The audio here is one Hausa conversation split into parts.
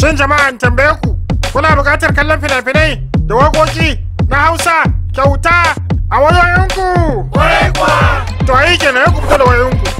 Shin jama'a jama'an tambaye ku kuna buƙatar kallon fina-finai da waƙoƙi na Hausa kyauta a wayoyinku? Ƙwarai kuwa! To yi kenan ya da wayoyinku.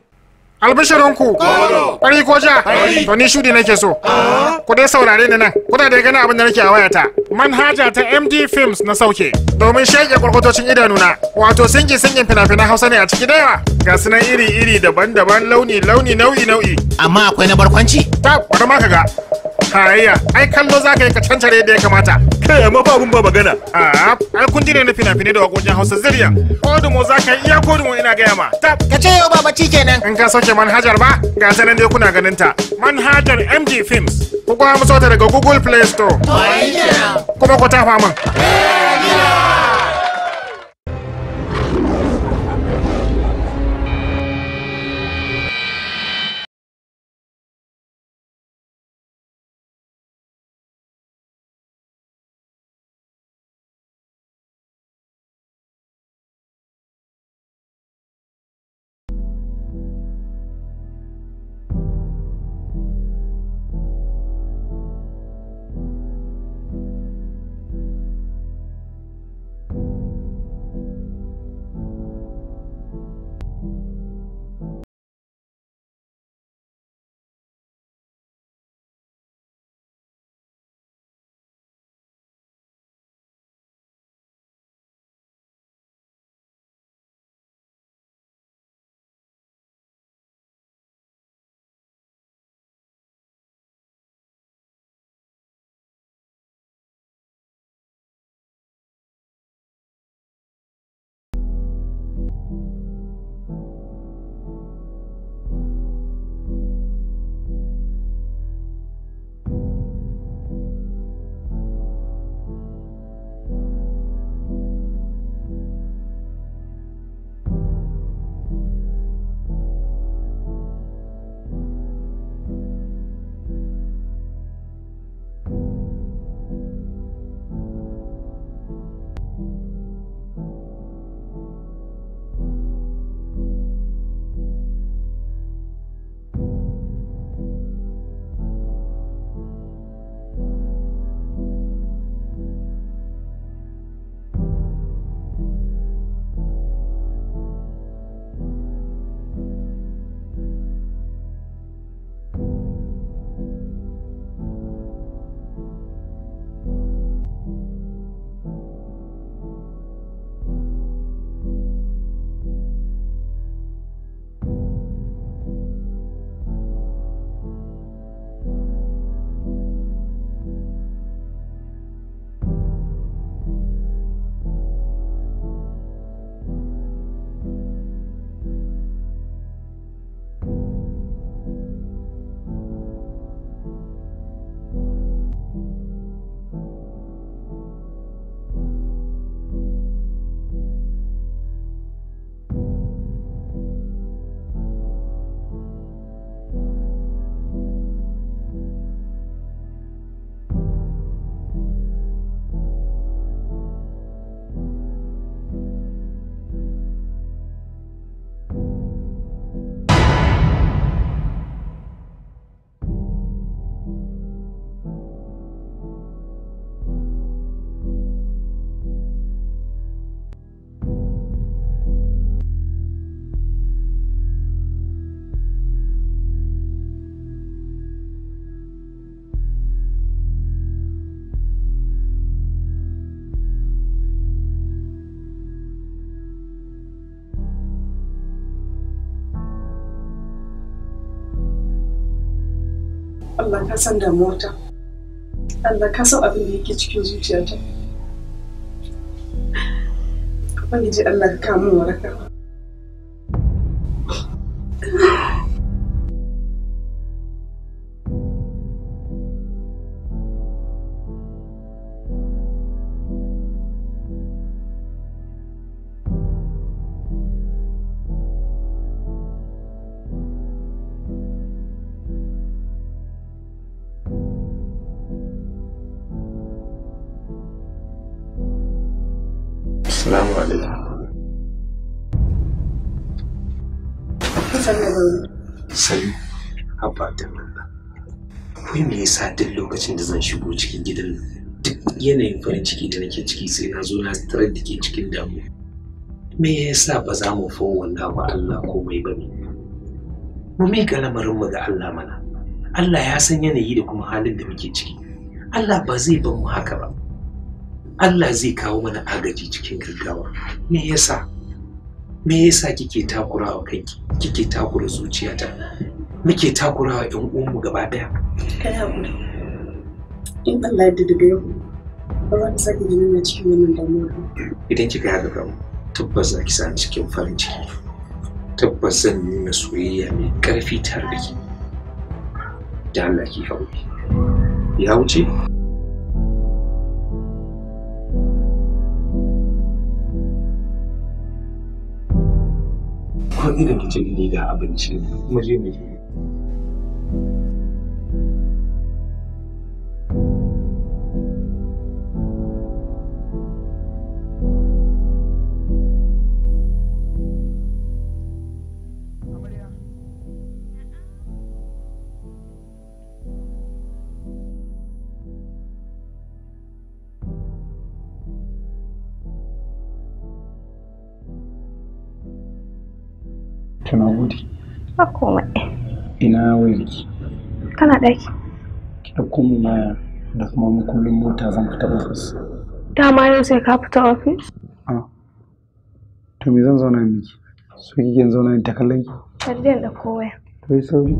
albishirinku ƙwari ko ja to ni shudi nake so ku dai saurare ni nan kuna da gani abin da nake a wayata manhaja ta md films na sauke domin shaƙe kwarkwatocin idanuna wato singi singin fina-finan hausa ne a ciki da yawa ga su iri-iri daban-daban launi launi nau'i nau'i amma akwai na barkwanci ta bari ma ka ga tarayya ai kallo za ka yi ka cancare da ya kamata kai amma ba abun ba magana a ah, ai kun ji ne na fina-finai da wakokin hausa zirya kodumo za ka yi iya ina gaya ma ta ka ce yau baba ci kenan in ka sauke manhajar ba ga ta nan dai kuna ganin ta manhajar mg films ku kwa musu daga google play store kuma ku ta Allah ka san damuwata Allah ka san abin da yake cikin zuciyata ji Allah ka mun waraka shigo cikin gidan duk yanayin farin ciki da nake ciki sai na zo na tarar da ke cikin damu me yasa ba za mu fa wanda ba Allah komai ba ne mu miƙa lamarin mu ga Allah mana Allah ya san yanayi da kuma halin da muke ciki Allah ba zai bar mu haka ba Allah zai kawo mana agaji cikin gaggawa me yasa me yasa kike takurawa kanki kike takura zuciyata muke takurawa ƴan uwanmu gaba daya kana in Allah ya daga yau ba za ka sake ganin na cikin wannan damuwa idan kika yaga kan tabbas za ki sami cikin farin ciki tabbas zan nuna soyayya mai ƙarfi tare da ki da Allah ki hauri ya wuce ko irin kice ni da abinci kuma je mu je ɗaki. Ki ɗauko mu maya da kuma makullin mota zan fita ofis. Dama yau sai ka fita ofis? A. To me zan zauna miki? So kike zauna ni ta kallon ki? ɗauko waya. To yi sauri.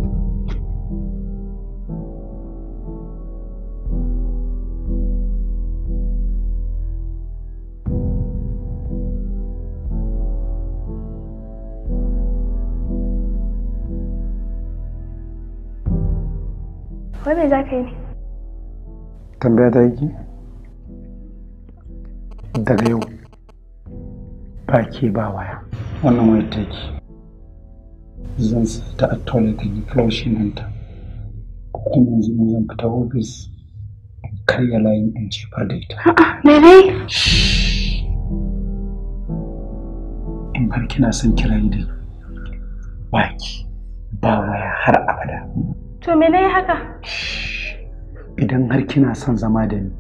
Wai me za ka yi ne? Tambaya ta yi Daga yau ba ke ba waya. Wannan wayar take. Zan sa ta a toilet in flushing ɗinta. Ko kuma yanzu ne zan fita ofis in karya layin in jefa da ita. A'a, me dai? In har kina son kirayi da baki ba waya har abada. To me nayi haka? Idan har kina son zama da ni,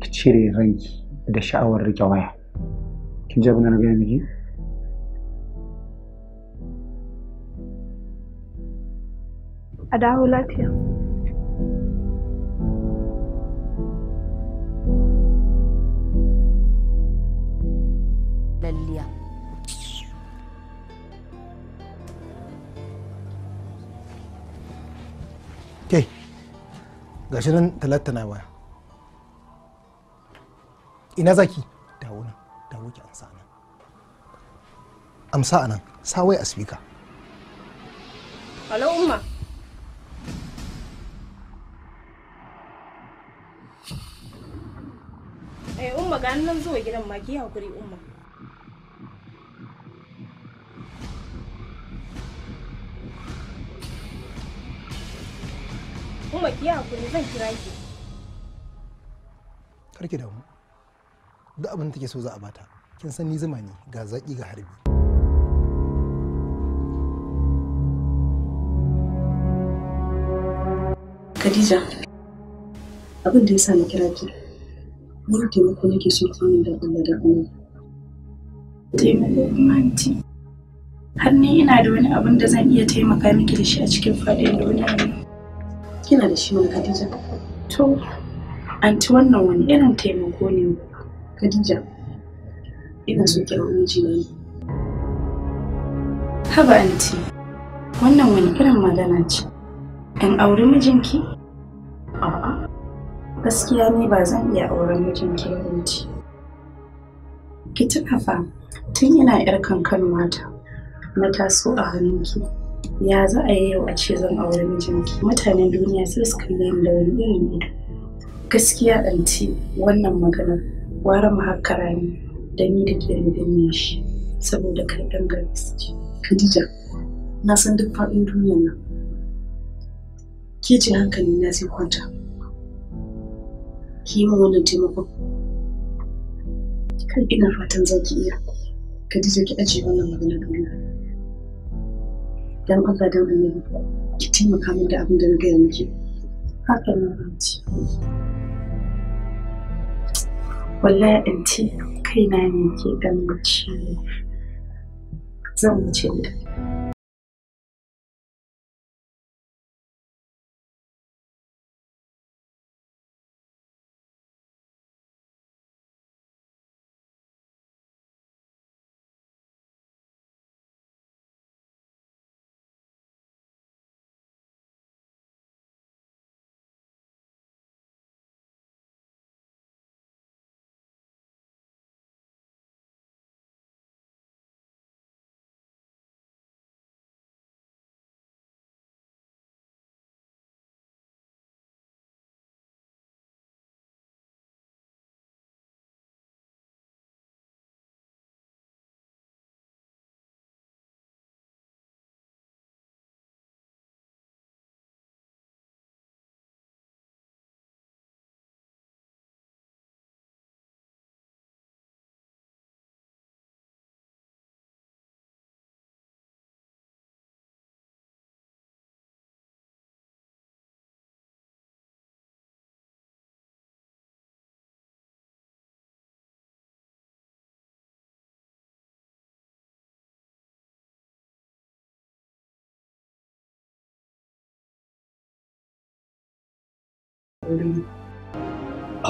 ki cire ranki da sha'awar rike waya. Kin ji abin da miki? A lafiya. ke ga shirin talata na waya ina zaki dawo nan dawo ki amsa nan amsa a nan sawai a speaker alo umma eh umma ga nan zuwa gidan ma ki hakuri umma kuma ki hakuri zan kira ki. Karki da mu. Duk abin da take so za a bata. Kin san ni zuma ne ga zaki ga harbi. Khadija, abin da ya sa na kira ki, wani taimako nake so ki min da Allah da Allah. Taimako kuma anti. Har ni ina da wani abin da zan iya taimaka miki da shi a cikin faɗin duniya ne. kina da shi wani Khadija. To, anti wannan wani irin taimako ne Khadija. Ina so ki miji ne. Haba anti, wannan wani irin magana ce. In auri mijinki? A'a. Gaskiya ni ba zan iya auren mijinki ba anti. Ki tuna fa, tun ina 'yar mata, na taso a hannunki. ya za a yi yau a ce zan aure mijinki mutanen duniya sai su kalle ni da wani irin ido gaskiya anti wannan magana wara mahakkara ne da ni da ke rubin shi saboda kai dan gari suke Khadija na san duk faɗin duniyar nan kici hankali na sai kwanta ki yi min wannan taimakon kan ina fatan zaki iya Khadija ki ajiye wannan magana duniya dan Allah dan annabi ki taimaka min da abin da na gaya miki haka ne anti wallahi anti kai na ne ke ganin mace zan wuce da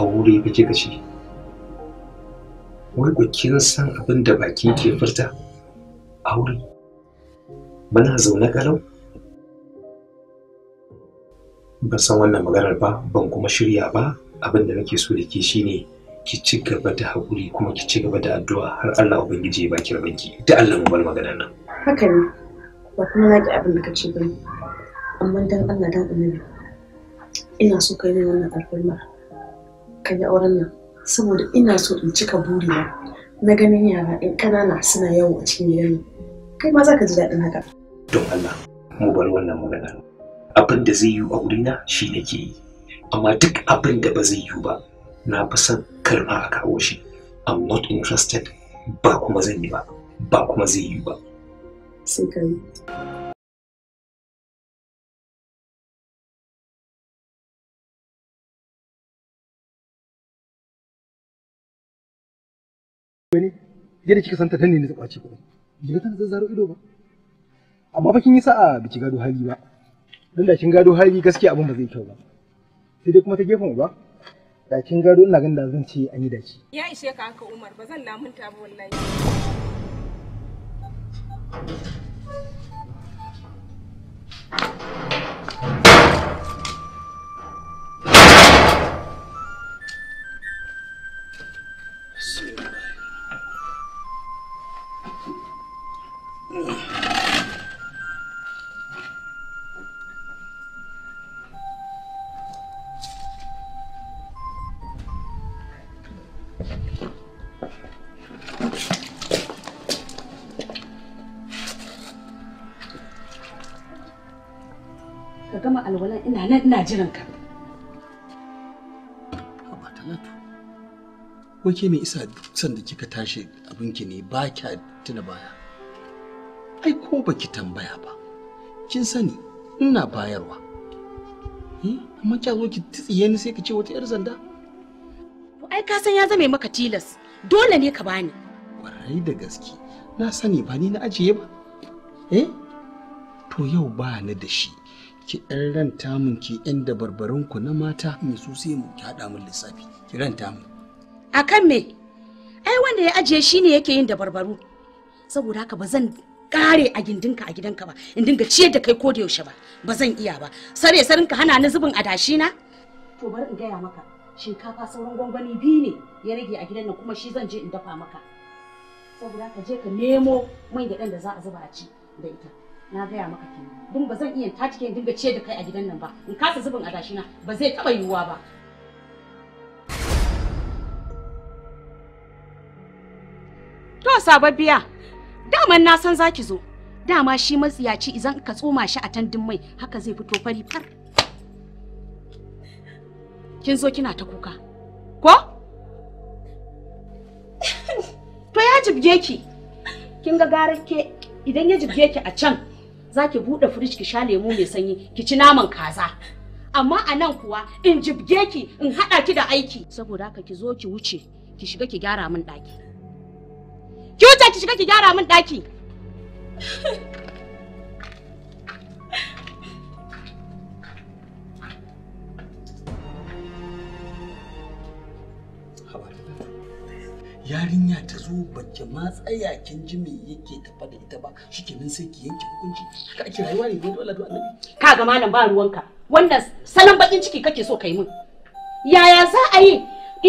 Aure fa kika ce? Wai ko kin san abin da baki ke furta? Aure? Muna zaune ƙalau? Ban san wannan maganar ba, ban kuma shirya ba. Abin da nake so da ke shine ki ci gaba da haƙuri kuma ki ci gaba da addu'a har Allah Ubangiji ya baki rabanki. Da Allah mu bar maganar nan. Haka ne, ba kuma na ji abin da ka ce ba. Amma dan Allah dan Annabi ina so ka yi wannan alfarma ka yi auren nan saboda ina so in cika burina na ganin yara in kanana suna yawo a cikin gidan kai ma za ka ji daɗin haka don Allah mu bar wannan magana abin da zai yi a wurina shi nake yi amma duk abin da ba zai yi ba na fi son karma a kawo shi I'm not interested ba kuma zan yi ba ba kuma zai yi ba sai kai. ne yadda kika santa danne ne ta kwace kuɗi bai ga tana zazzaro ido ba amma fa kin yi sa'a biki gado hali ba dan da kin gado hali gaskiya abin ba zai kyau ba sai dai kuma ta gefen uba da kin gado ina ganin da zan ce an yi dace ya ishe ka haka Umar ba zan lamunta ba wallahi Thank you. wala ina nan ina jiran ka amma talatu wake mai isa san da kika tashi abinki ne ba kya tuna baya ai ko baki tambaya ba kin sani ina bayarwa eh, amma kya zo ki tsiye ni sai ka ce wata yar zanda ai ka san ya zame maka tilas dole ne ka bani kwarai da gaske na sani ba ni na ajiye ba eh to yau ba ni da shi ki ɗan ranta min ki yan dabarbarinku na mata in su sai mu ki haɗa min lissafi ki ranta mun. A kan me? Ai wanda ya ajiye shi ne yake yin dabarbaru. Saboda haka ba zan kare a gindinka a gidanka ba in dinga ciyar da kai ko da yaushe ba ba zan iya ba sare sarinka hana ni zubin adashi na to bari in gaya maka shinkafa sauran gwangwani biyu ne ya rage a gidan nan kuma shi zan je in dafa maka saboda haka je ka nemo mai da da za a zuba a ci da ita na gaya maka kenan dun ba zan iya tace ke dinga ce da kai a gidan nan ba in kasa zubin adashi na ba zai taba yiwuwa ba to sababbiya daman na san zaki zo dama shi matsiyaci idan ka tsoma shi a tandin mai haka zai fito fari far kin zo kina ta kuka ko to ya jibge ki kin ga gara ke idan ya jibge ki a can za ki buɗe firij ki sha lemu mai sanyi ki ci naman kaza amma a nan kuwa in jibge ki in haɗa ki da aiki saboda haka ki zo ki wuce ki shiga ki gyara min ɗaki ki wuce ki shiga ki gyara min ɗaki yarinya ta zo baki ma tsaya kin ji me yake tafa da ita ba nan sai ki yanke hukunci ka ake rayuwa ne don Allah don Annabi kaga malam ba ruwanka wannan salon bakin ciki kake so kai min yaya za a yi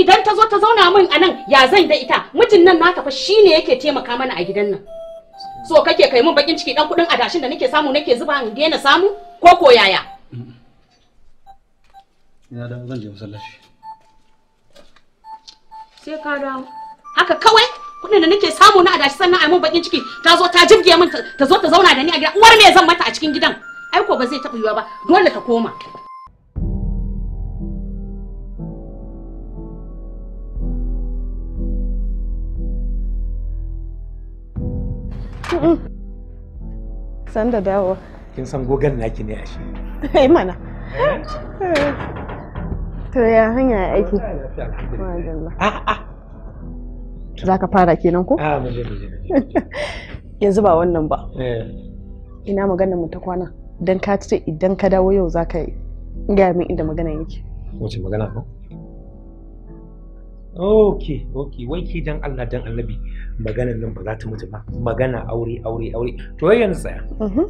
idan ta zo ta zauna min a nan ya zan da ita mijin nan naka fa shine yake taimaka mana a gidan nan so kake kai min bakin ciki dan kudin adashin da nake samu nake zuba in dena samu ko ko yaya ina da zan je masallaci sai ka dawo haka kawai kuɗin da nake samu na adashi sannan ai mun bakin ciki ta zo ta jirge min ta zo ta zauna da ni a gida uwar me zan mata a cikin gidan ai ko ba zai taba yiwa ba dole ta koma san da dawo kin san gogan naki ne ashe ai eh, mana eh. to ya hanya aiki a za ka fara kenan ko? a muje muje yanzu ba wannan ba eh. ina magana mu ta kwana don ka ce idan ka dawo yau za ka yi gaya min inda magana yake wace magana ko? ok ok wai ke dan Allah dan annabi maganar nan ba za ta mutu ba magana aure aure aure to wai yanzu tsaya mhm.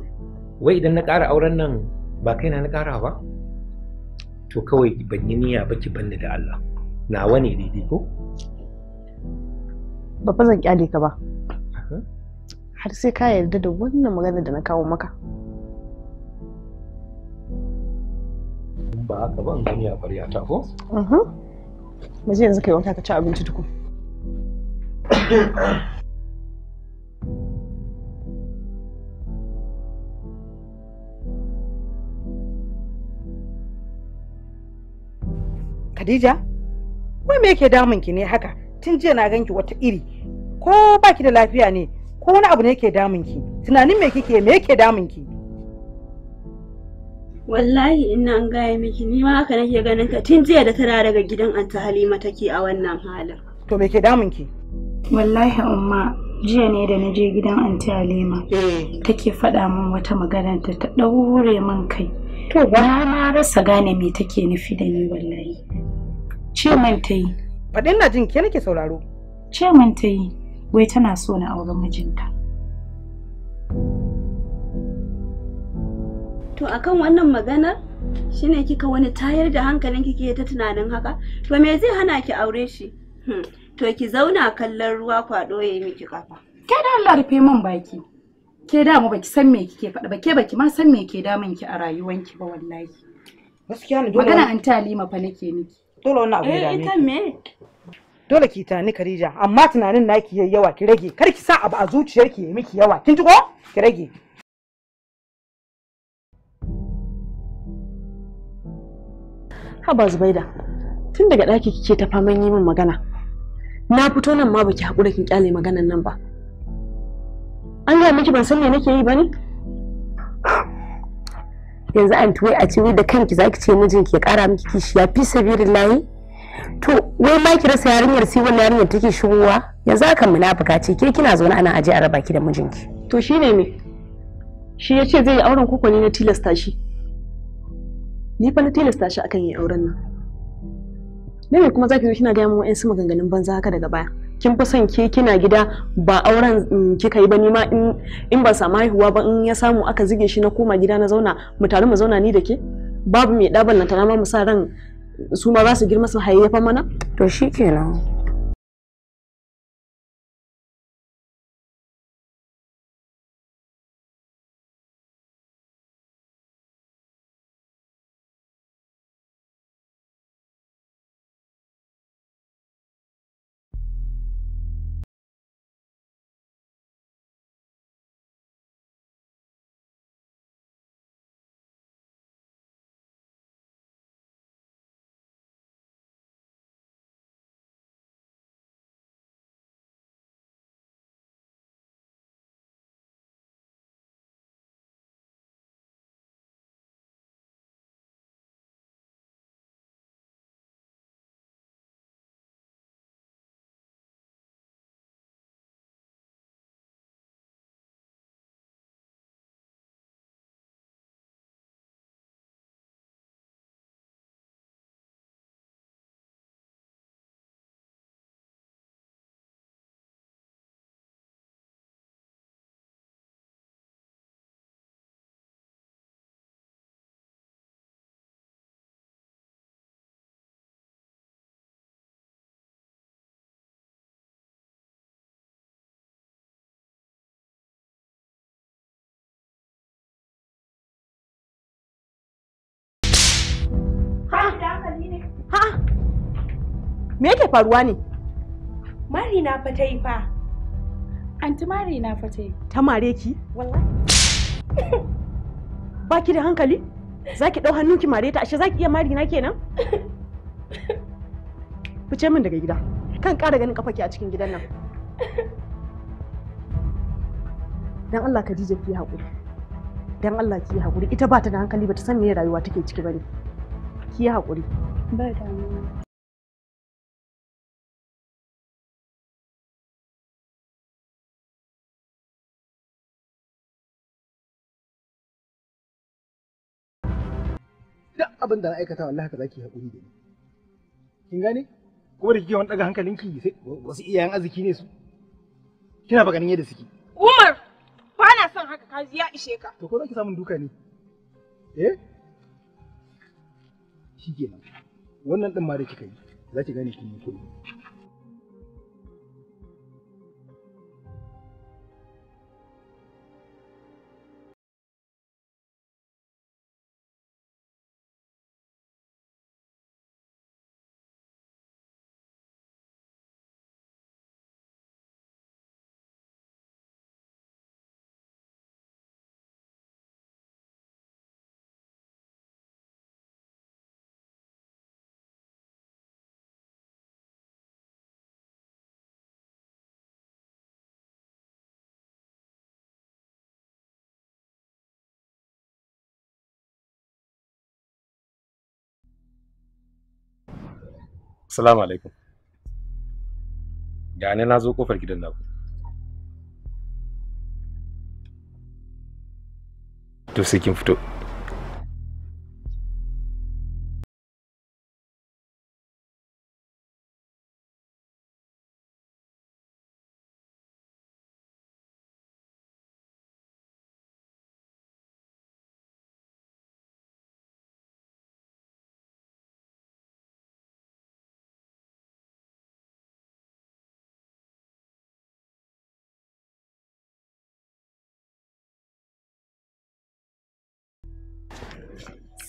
wai idan na ƙara auren nan ba kaina na ƙara ba to kawai ban yi niyya ba ki banni da Allah nawa ne daidai ko ba zan kyale ka ba har sai ka yarda da wannan magana da na kawo maka ba haka ba gani a ya ta ko mu yanzu kai wanka ka ci abinci tukun Khadija, wai me yake damun ki ne haka? tun jiya na ganki wata iri ko baki da lafiya ne ko wani abu ne yake damun ki tunanin me kike me yake damun ki wallahi in an gaya miki ni ma haka nake ganin ka tun jiya da tara daga gidan anta halima take a wannan halin to me ke damun ki wallahi umma jiya ne da na je gidan anta halima eh. take faɗa min wata magana ta ta ɗaure min kai to na rasa gane me take nufi da ni wallahi ce man ta yi Faɗin na jin ke nake sauraro. Ce ta yi, wai tana so na auren mijinta. To akan wannan maganar shine kika wani tayar da hankalin kike ta tunanin haka? To me zai hana ki aure shi? Hmm, to ki zauna kallon ruwa kwaɗo ya miki kafa. Ke da Allah rufe min baki. Ke da mu baki san me kike faɗa ba ke baki ma san me ke damun ki a rayuwanki ba wallahi. Gaskiya ne dole. Magana an talima fa nake miki. dole wannan abu ya eh, dame me dole ki Khadija amma tunanin naki yayi yawa ki rage kar ki sa abu a zuciyarki yayi miki yawa kin ji ko ki rage Haba Zubaida tun daga ɗaki kike ta faman yi min magana na fito nan ma baki haƙura kin kyale maganan nan ba an gaya miki ban san me nake yi ba ne yanzu an tuwai a ce da kanki zaki ce mijinki ya kara miki kishi ya fi sabirin layi to wai ma ki rasa yarinyar sai wannan yarinyar take shigowa yanzu mu munafuka ce ke kina zaune ana aje a raba ki da mijinki to shine me shi ya ce zai yi auren koko ne na tilasta shi ni fa na tilasta shi akan yi auren nan me kuma zaki zo kina ga mu wa'ansu maganganun banza haka daga baya kin fi son ke kina gida ba auren mm, kika yi ba ni ma in ban samu haihuwa ba in ya samu aka zige shi na koma gida na zauna mu taru mu zauna ni da ke babu mai ɗaban na tana ma mu sa ran su ma za su girma su hayayyafa mana to shikenan Ha? Me yake faruwa ne? Mari na fa ta yi fa. Anti Mari na fa ta yi. Ta mare ki? Wallahi. Ba ki da hankali? Za ki ɗau hannun ki mare ta ashe za ki iya mari na kenan? Fice min daga gida. Kan ƙara ganin kafa ki a cikin gidan nan. Dan Allah Khadija ki haƙuri. Dan Allah ki haƙuri ita ba ta da hankali ba ta san me rayuwa take ciki bane. ki haƙuri ba damuwa duk abin da na aikata wallahi ka zaki haƙuri da ni kin gane kuma da kike wani daga hankalinki sai wasu iyayen arziki ne su kina baganin yadda suke Umar ba na son haka ka ya ishe ka to ko zaki samun duka ne eh shi kenan wannan ɗin ma da kika yi za ki gane kin yi kullum Assalamu alaikum. Ga ni na zo kofar gidan naku. To sai kin fito.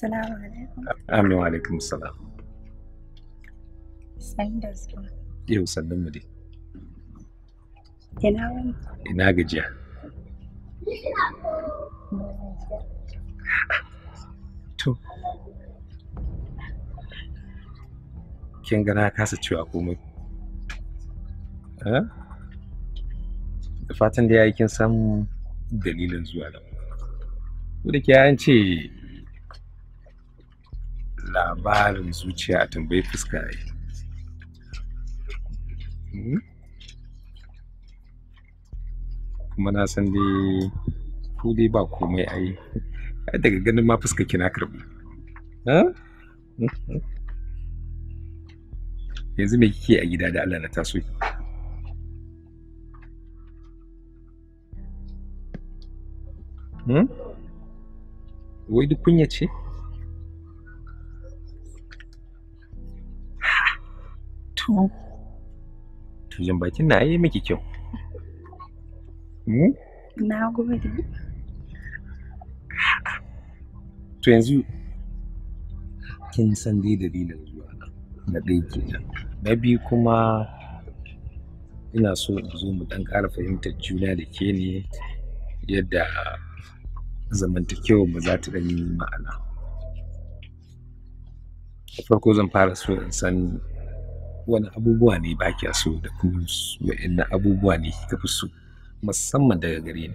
Assalamu alaikum. Amin da zuwa. Yau sannan Ina gajiya. To. Kin gana kasa cewa komai. Da fatan da ya yi kin san dalilin zuwa nan. Ko da ke an ce labarin zuciya a tambayi fuska ya yi hmm? kuma na san dai ku dai ba komai ai ai daga ganin ma fuska kina karbi yanzu me kike a gida da Allah na taso ki hmm? wai duk kunya ce tujin bakin na yi miki kyau hmm? na gode to yanzu kin san dai dalilin zuwa na ɗaya kenan na biyu kuma ina so in zo mu dan ƙara fahimtar juna da ke ne yadda zamantakewa mu za ta ɗan yi ma'ana farko zan fara so in san wani abubuwa ne ba kya so da kuma wa'in abubuwa ne kika fi so musamman daga gare ni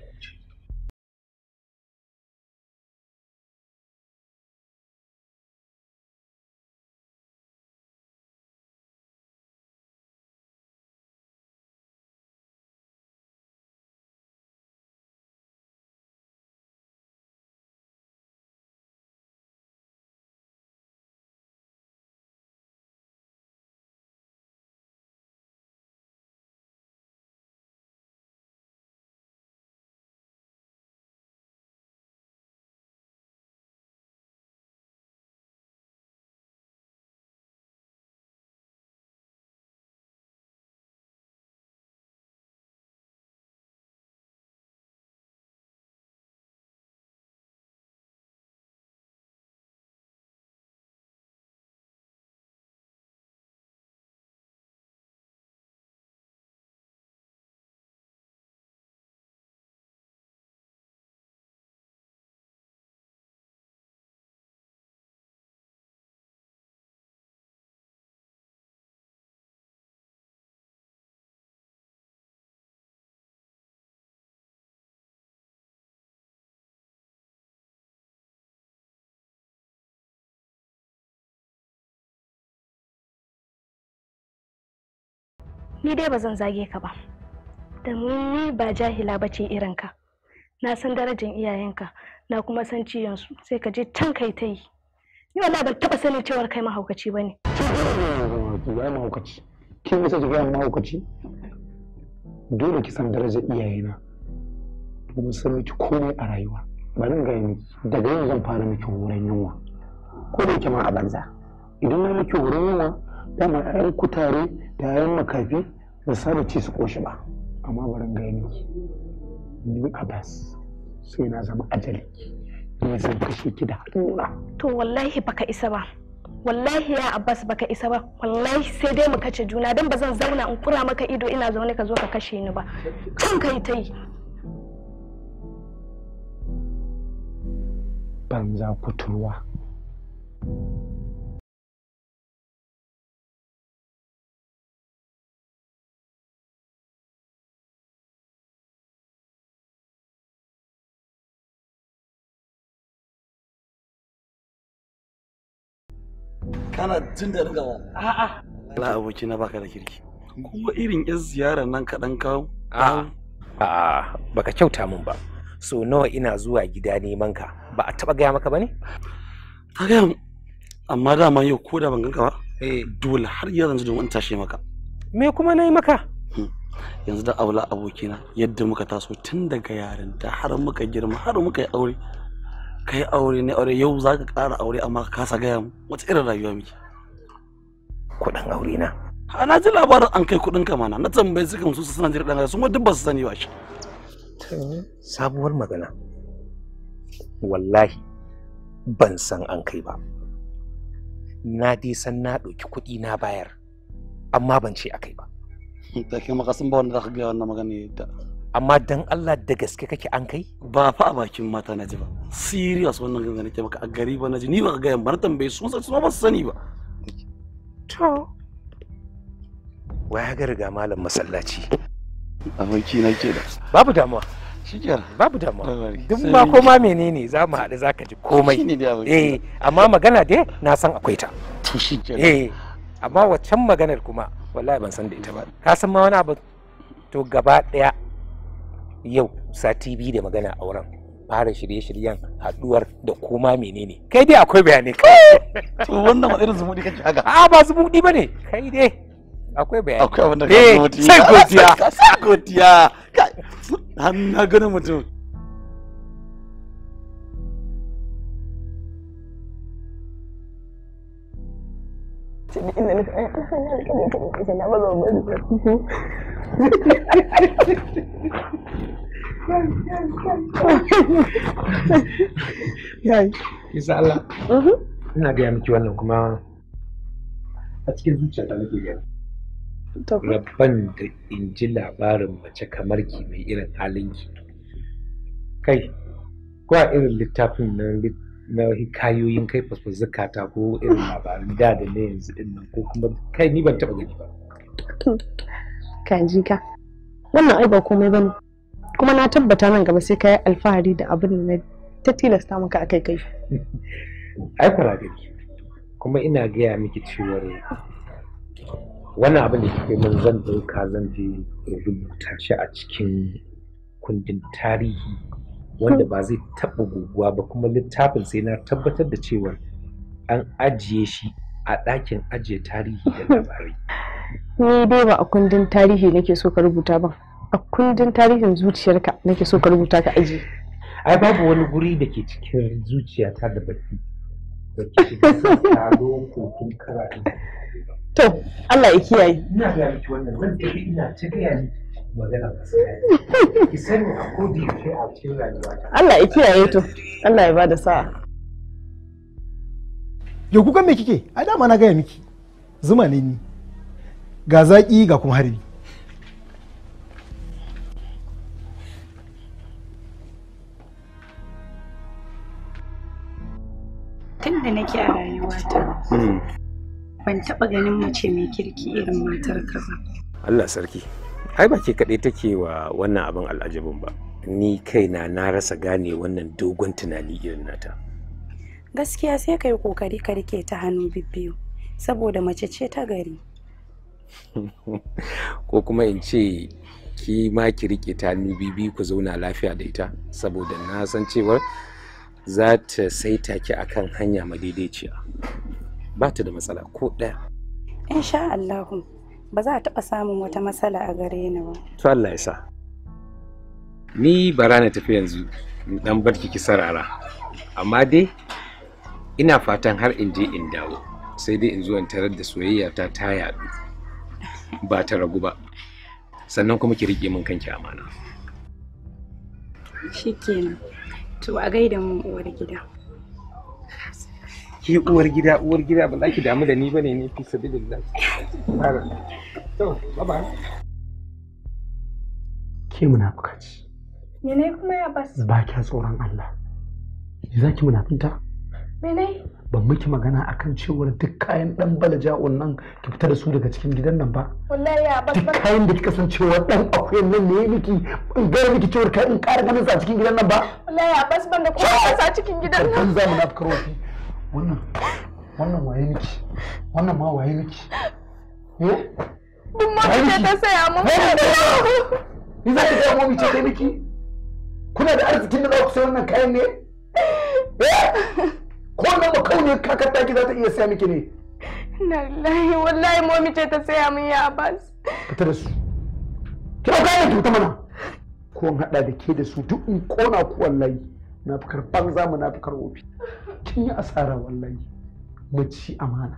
ni dai ba zan zage ka ba domin ni ba jahila ba ce irinka na san darajar iyayenka na kuma san ciyansu sai ka je can kai ta yi ni wallahi ban taba sanin cewar kai mahaukaci bane ai kin isa ki gaya mahaukaci dole ki san darajar iyayena kuma san miki komai a rayuwa ba nan gaya miki daga yau zan fara miki horon yunwa ko da ma a banza idan na miki horon yunwa dama ƴaƴan kutare da 'yan makafi ba saba ci su koshi ba amma barin gani miki ni abbas sai na zama ajali ne zan kashe ki da haɗura to wallahi baka isa ba wallahi ya abbas baka isa ba wallahi sai dai mu kace juna dan ba zan zauna in kura maka ido ina zaune ka zo ka kashe ni ba kan kai ta yi banza kuturwa kana jin da gaba a'a na aboki na baka da kirki kuma irin yan ziyara nan kaɗan kawo a'a a'a baka kyauta min ba so nawa ina zuwa gida neman ka ba a taɓa gaya maka ba ne ta gaya amma dama yau ko da ban ganka ba Eh, dole har yanzu domin in tashe maka me kuma na yi maka hmm. yanzu da aula abokina yadda muka taso tun daga yarinta har muka girma har muka yi aure kai aure ne aure yau za ka ƙara aure amma ka kasa gaya mu wace irin rayuwa muke kuɗin aure na a na ji labarin an kai kuɗin kamana na tambayi su kan su suna jira ɗan sun duk ba su sani ba shi sabuwar magana wallahi ban san an kai ba na dai san na ɗauki kuɗi na bayar amma ban ce a kai ba ta kai sun ba wanda za ka gaya wannan magana ya amma dan Allah da gaske kake an kai ba fa a bakin mata na ji ba serious wannan ganga nake maka a gari ba na ji ni ba ga yan na bai sun san ba su sani ba to wai ga riga malam masallaci aboki na ke da babu damuwa shikenan babu damuwa duk ko ma menene za mu haɗu za ka ji komai eh amma magana dai na san akwai ta to shikenan eh amma waccan maganar kuma wallahi ban san da ita ba ka san ma wani abu to gaba daya. yau sati biyu da magana auren fara shirye-shiryen haduwar da koma menene kai dai akwai bayanai kai to wannan su zumudi kake haka a ah, ba mudi bane kai dai akwai bayanai akwai wanda ka eh, sai godiya sai godiya hannu na ganin mutum Jadi ini nak eh sana dekat dekat dekat sana apa apa apa. Yayi, isa Allah. Mm-hmm. Ina gaya miki wannan kuma a cikin zuciyata nake gaya. Rabban da in ji labarin mace kamar ki mai irin halinki. Kai, ko a irin littafin nan na kayoyin kai fasfazzaka ta ko irin labarin da da na yanzu din nan ko kuma kai ni ban taba gani ba ka ji ka wannan ai ba komai bane kuma na tabbata nan gaba sai ka yi alfahari da abin da na ta tilasta maka akai kai ai farage kuma ina gaya miki cewar wannan abin da kike mun zan dauka zan je rubuta shi a cikin kundin tarihi wanda hmm. ba zai taɓa guguwa ba kuma littafin sai na tabbatar da cewar an ajiye shi a ɗakin ajiye tarihi da labarai. Ni dai ba a kundin tarihi nake so ka rubuta ba, a kundin tarihin zuciyarka nake so ka rubuta ka ajiye. Ai babu wani guri da ke cikin zuciyata da baki. shiga karatu. To, Allah ya kiyaye. Ina gaya miki wannan, zan tafi ina ta gaya miki. magana ki a a cikin Allah ya kiyaye to Allah ya bada sa'a yau kuka me kike ai dama na gaya miki zuma ne ni ga zaƙi ga kuma harbi tun da nake a rayuwata hmm. ban taɓa ganin mace mai kirki irin matar ka ba Allah sarki ai ba ke kaɗai take wa wannan abin al'ajabin ba ni kaina na rasa gane wannan dogon tunani irin nata gaskiya sai kai kokari ka rike ta hannu bibbiyu saboda mace ce ta gari ko kuma in ce ki ma ki rike ta hannu bibbiyu ku zauna lafiya da ita saboda na san cewar za ta saita ki akan hanya madaidaiciya ba ta da matsala ko ɗaya insha Allahu ba za a taɓa samun wata matsala a gare ni ba. To Allah ya sa. Ni bara na tafi yanzu dan barki ki sarara. Amma dai ina fatan har in je in dawo sai dai in zo in tarar da soyayya ta ta yaɗu ba ta ragu ba. Sannan kuma ki rike min kanki amana. Shikenan. To a gaida mu uwar gida. ke uwar gida uwar gida ba za ki damu da ni bane ne fi sabilillah to baba ke munafuka ce mene kuma ya bas ba kya tsoron Allah Za zaki munafinta mene ban miki magana akan cewar duk kayan dan balaja'un nan ki fita da su daga cikin gidan nan ba wallahi ya bas duk kayan da kika san cewar dan akwai nan ne miki ban ga miki cewar ka in ƙara ganin sa cikin gidan nan ba wallahi ya bas ban da ko sa cikin gidan nan ban za mu wannan wannan waye miki wannan ma waye miki eh duk ma ce ta saya mun ni za ki saya mun ce ta miki kuna da arzikin da za ku sai wannan kayan ne eh ko nan ba kaune kakata ki za ta iya saya miki ne Wallahi wallahi momi ce ta saya min ya Abbas. Fita da su. Ki ba gane ta mana. Ko in haɗa da ke da su duk in kona ku wallahi. munafukar banza munafukar wofi kin yi asara wallahi ci amana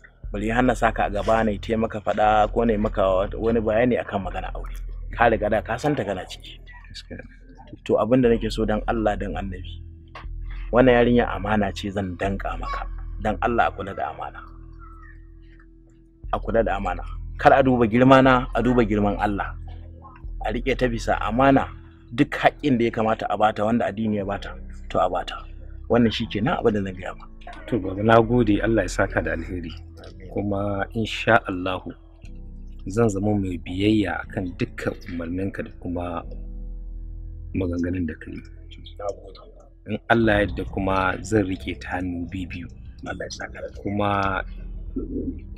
bari har na saka a gaba ne te maka faɗa ko ne maka wani bayani akan magana aure ka riga da ka san ta gana ciki to abin da nake so dan Allah dan annabi wannan yarinya amana ce zan danka maka dan Allah a kula da amana a kula da amana kar a duba girma na a duba girman Allah a rike ta bisa amana duk haƙƙin da ya kamata a bata wanda addini ya bata to a bata wannan shi kenan abin da na gaya ma to na gode Allah ya saka da alheri kuma insha Allahu zan zama mai biyayya kan dukkan umarninka da kuma maganganun da kai in Allah yadda kuma zan rike ta hannu biyu kuma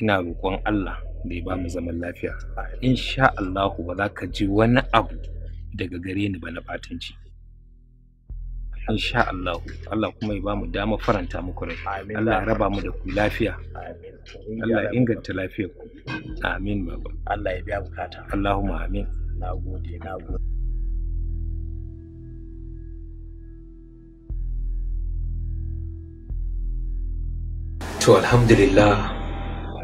ina roƙon Allah da ya ba mu zaman lafiya insha Allahu ba za ka ji wani abu daga gare ni ba na ɓatanci insha Allah Allah kuma ya ba mu dama faranta muku rai Allah ya raba mu da ku lafiya Allah ya inganta lafiyar ku amin baba Allah ya biya bukata Allahumma amin nagode nagode to alhamdulillah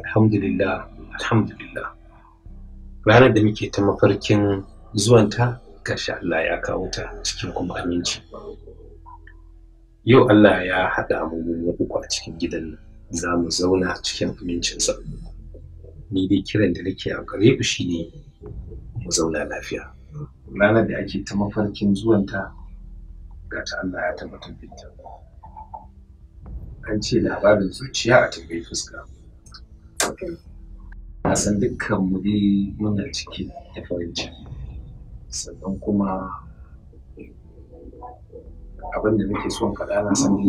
alhamdulillah alhamdulillah ranar da muke ta mafarkin zuwanta gashi Allah ya kawo ta cikin kuma aminci yau Allah ya haɗa mu uku a cikin gidan nan za mu zauna cikin amincinsa ni dai kiran da nake a gare ku shine mu zauna lafiya ranar da ake ta mafarkin zuwanta ga ta Allah ya tabbatar da an ce labarin zuciya a tambayi fuska a san dukkan mu dai muna cikin da farin ciki sannan kuma abin da nake son faɗa na sani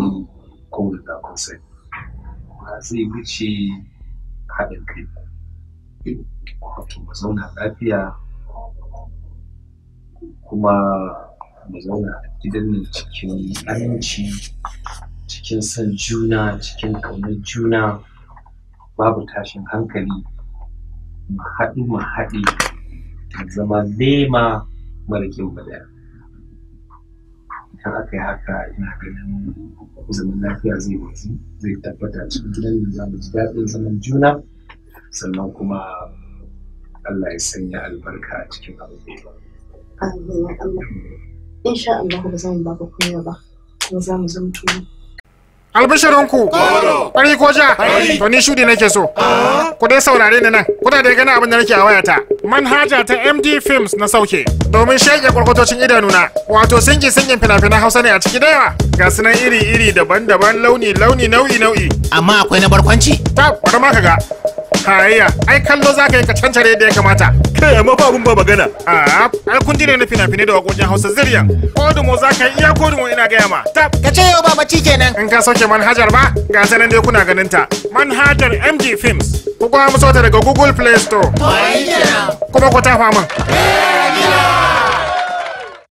kuma da kun sani ba zai wuce haɗin kai wato mu zauna lafiya kuma mu zauna a gidan nan cikin aminci cikin son juna cikin ƙaunar juna babu tashin hankali mu haɗu mu zama lema mara kyau ba daya idan aka yi haka ina ganin zaman lafiya zai wanzu zai tabbata cikin gidan nan za mu ji daɗin zaman juna sannan kuma Allah ya sanya albarka a cikin abubuwa. Amin Allah. Insha Allah ba za mu baka kunya ba kuma za mu tuni. albishirinku ƙwari ko ja to ni shudi nake so ku dai saurare ni nan kuna da gani abin da nake a wayata manhaja ta md films na sauke domin shaƙe kwarkwatocin idanuna wato singi singin fina-finan hausa ne a ciki da yawa ga sunan iri-iri daban-daban launi-launi nau'i-nau'i amma akwai na barkwanci ta wata ma ka ga Hayya, ai kallo za ka yi ka cancare da ya kamata. Kai amma fa abun ba magana. Ah, ai kun ji ne na fina-finai da wakokin Hausa ziryan. Kodumo za ka yi iya kodumo ina gaya ma. Ta, ka ce yau ba bacci kenan. In ka sauke manhajar ba, ga ta dai kuna ganin ta. Manhajar MG Films. Ku kuma musu daga Google Play Store. Kuma ku tafa min.